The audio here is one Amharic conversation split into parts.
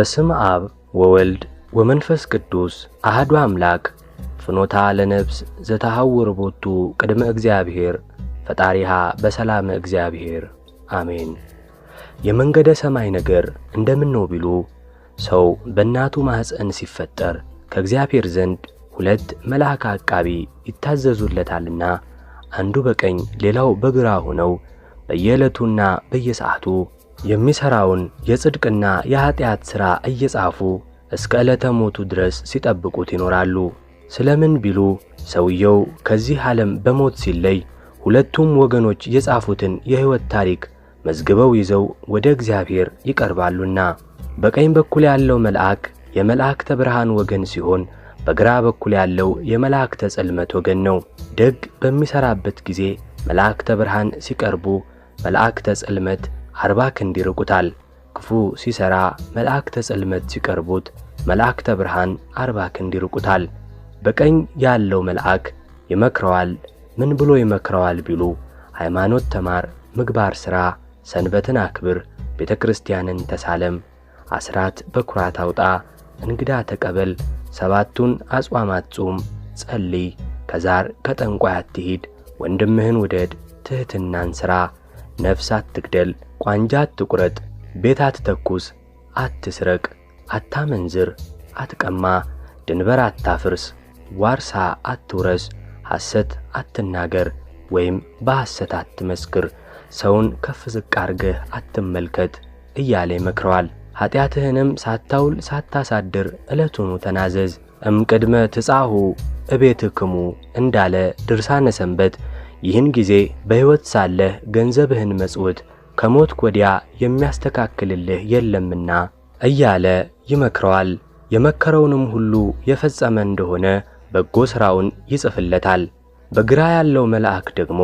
በስም አብ ወወልድ ወመንፈስ ቅዱስ አህዱ አምላክ ፍኖታ ለነብስ ዘተሐውር ቦቱ ቅድመ እግዚአብሔር ፈጣሪሃ በሰላም እግዚአብሔር አሜን። የመንገደ ሰማይ ነገር እንደምን ነው ቢሉ ሰው በእናቱ ማኅፀን ሲፈጠር ከእግዚአብሔር ዘንድ ሁለት መልአክ አቃቢ ይታዘዙለታልና አንዱ በቀኝ ሌላው በግራ ሆነው በየዕለቱና በየሰዓቱ የሚሠራውን የጽድቅና የኀጢአት ሥራ እየጻፉ እስከ ዕለተ ሞቱ ድረስ ሲጠብቁት ይኖራሉ። ስለምን ቢሉ ሰውየው ከዚህ ዓለም በሞት ሲለይ ሁለቱም ወገኖች የጻፉትን የሕይወት ታሪክ መዝግበው ይዘው ወደ እግዚአብሔር ይቀርባሉና። በቀኝ በኩል ያለው መልአክ የመላእክተ ብርሃን ወገን ሲሆን በግራ በኩል ያለው የመላእክተ ጸልመት ወገን ነው። ደግ በሚሠራበት ጊዜ መላእክተ ብርሃን ሲቀርቡ፣ መላእክተ ጸልመት አርባ ክንድ ይርቁታል። ክፉ ሲሰራ መላእክተ ጸልመት ሲቀርቡት መላእክተ ብርሃን አርባ ክንድ ይርቁታል። በቀኝ ያለው መልአክ ይመክረዋል። ምን ብሎ ይመክረዋል ቢሉ ሃይማኖት ተማር፣ ምግባር ሥራ፣ ሰንበትን አክብር፣ ቤተ ክርስቲያንን ተሳለም፣ አስራት በኩራት አውጣ፣ እንግዳ ተቀበል፣ ሰባቱን አጽዋማት ጹም፣ ጸልይ፣ ከዛር ከጠንቋይ አትሂድ፣ ወንድምህን ውደድ፣ ትሕትናን ሥራ ነፍስ አትግደል፣ ቋንጃ አትቁረጥ፣ ቤት አትተኩስ፣ አትስረቅ፣ አታመንዝር፣ አትቀማ፣ ድንበር አታፍርስ፣ ዋርሳ አትውረስ፣ ሐሰት አትናገር ወይም በሐሰት አትመስክር፣ ሰውን ከፍ ዝቅ አርገህ አትመልከት እያለ ይመክረዋል። ኃጢአትህንም ሳታውል ሳታሳድር ዕለቱኑ ተናዘዝ። እምቅድመ ትጻሁ እቤትክሙ እንዳለ ድርሳነ ሰንበት ይህን ጊዜ በሕይወት ሳለህ ገንዘብህን መጽወት ከሞት ወዲያ የሚያስተካክልልህ የለምና እያለ ይመክረዋል። የመከረውንም ሁሉ የፈጸመ እንደሆነ በጎ ሥራውን ይጽፍለታል። በግራ ያለው መልአክ ደግሞ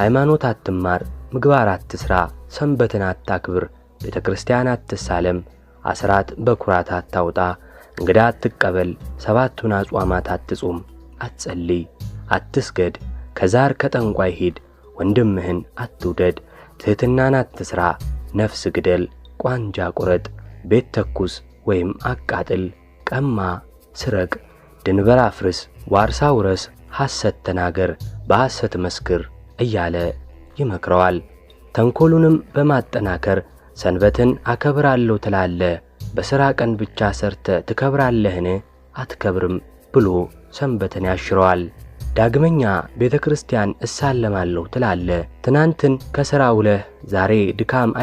ሃይማኖት አትማር፣ ምግባር አትሥራ፣ ሰንበትን አታክብር፣ ቤተ ክርስቲያን አትሳለም፣ አስራት በኩራት አታውጣ፣ እንግዳ አትቀበል፣ ሰባቱን አጽዋማት አትጹም፣ አትጸልይ፣ አትስገድ ከዛር ከጠንቋይ ሂድ፣ ወንድምህን አትውደድ፣ ትሕትናን አትሥራ፣ ነፍስ ግደል፣ ቋንጃ ቁረጥ፣ ቤት ተኩስ ወይም አቃጥል፣ ቀማ፣ ስረቅ፣ ድንበር አፍርስ፣ ዋርሳ ውረስ፣ ሐሰት ተናገር፣ በሐሰት መስክር እያለ ይመክረዋል። ተንኮሉንም በማጠናከር ሰንበትን አከብራለሁ ትላለ፣ በሥራ ቀን ብቻ ሰርተ ትከብራለህን? አትከብርም ብሎ ሰንበትን ያሽረዋል። ዳግመኛ ቤተ ክርስቲያን እሳለማለሁ ትላለ። ትናንትን ከሥራ ውለህ ዛሬ ድካም